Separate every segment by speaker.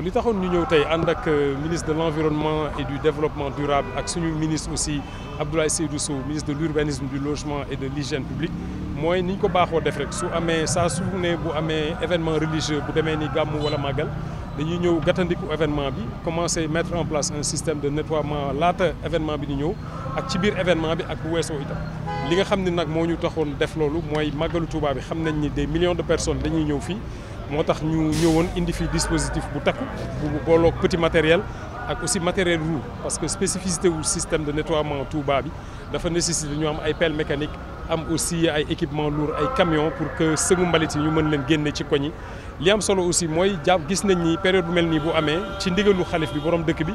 Speaker 1: li taxoon ñu ñëw tey ànd ak euh, ministre de l'environnement et du développement durable ak suñu ministre aussi Abdoulaye Seydou Sow ministre de l'urbanisme du logement et de l'hygiène publique mooy ni ko baaxoo def rek su amee saa su ne bu amee événement religieux bu demee ni gàmmu wala màggal dañuy ñëw gàttandiku événement bi commencer mettre en place un système de nettoiement laata événement bi di ñëw ak ci biir événement bi ak bu weesoo itam li nga xam ne nag moo ñu taxoon def loolu mooy màggalu Touba bi xam nañ ni des millions de personnes dañuy ñëw fii moo tax ñu ñëwoon indi fi dispositif bu takku bu booloog petit matériel ak aussi matériel roux parce que spécificité wu système de nettoiement Touba bi dafa nécessité ñu am ay pelle mécanique am aussi ay équipement lourd ay camion pour que sëngu mbalit yi ñu mën leen génne ci koñ yi li am solo aussi mooy jàpp gis nañ ni période bu mel nii bu amee ci ndigalu xalif bi borom dëkk bi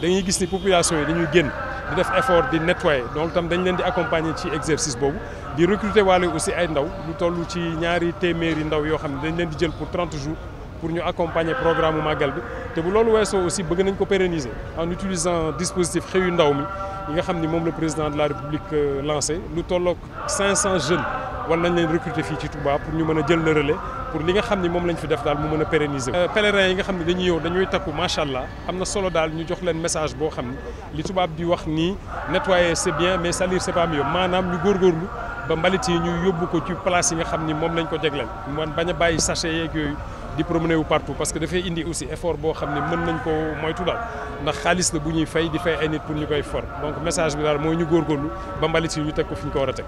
Speaker 1: dañuy gis ni population yi dañuy génn di def effort di nettoyer donc tam dañ leen di accompagner ci exercice boobu di recruter waale aussi ay ndaw lu toll ci ñaari téeméeri ndaw yoo xam ne dañu leen di jël pour trente jours pour ñu accompagner programme mu bi te bu loolu weesoo aussi bëgg nañ ko pérenniser en utilisant dispositif xëyu ndaw mi yi nga xam ni moom la président de la république euh, lancé lu tolloog 500 jeunes. war nañ leen recruter fii ci Touba pour ñu mën a jël le relais pour li nga xam ni moom lañ fi def daal mu mën a pérenniser euh, pèlerins yi nga xam ne dañuy yow dañuy takku macha allah am na solo daal ñu jox leen message boo xam ni li tubaab di wax nii nettoyer c'est bien mais salir c'est pas mieux maanaam ñu góorgóorlu ba mbalit yi ñu yóbbu ko ci place yi nga xam ni moom lañ ko jagleel man bañ a bàyyi sachet yeeg yooyu di promener wu partout parce que dafay indi aussi effort boo xam ne mën nañ ko moytu daal ndax xaalis la bu ñuy fay di fay ay nit pour ñu koy for donc message bi daal mooy ñu góorgóorlu ba mbalit yi ñu teg ko fi ñu ko war a teg.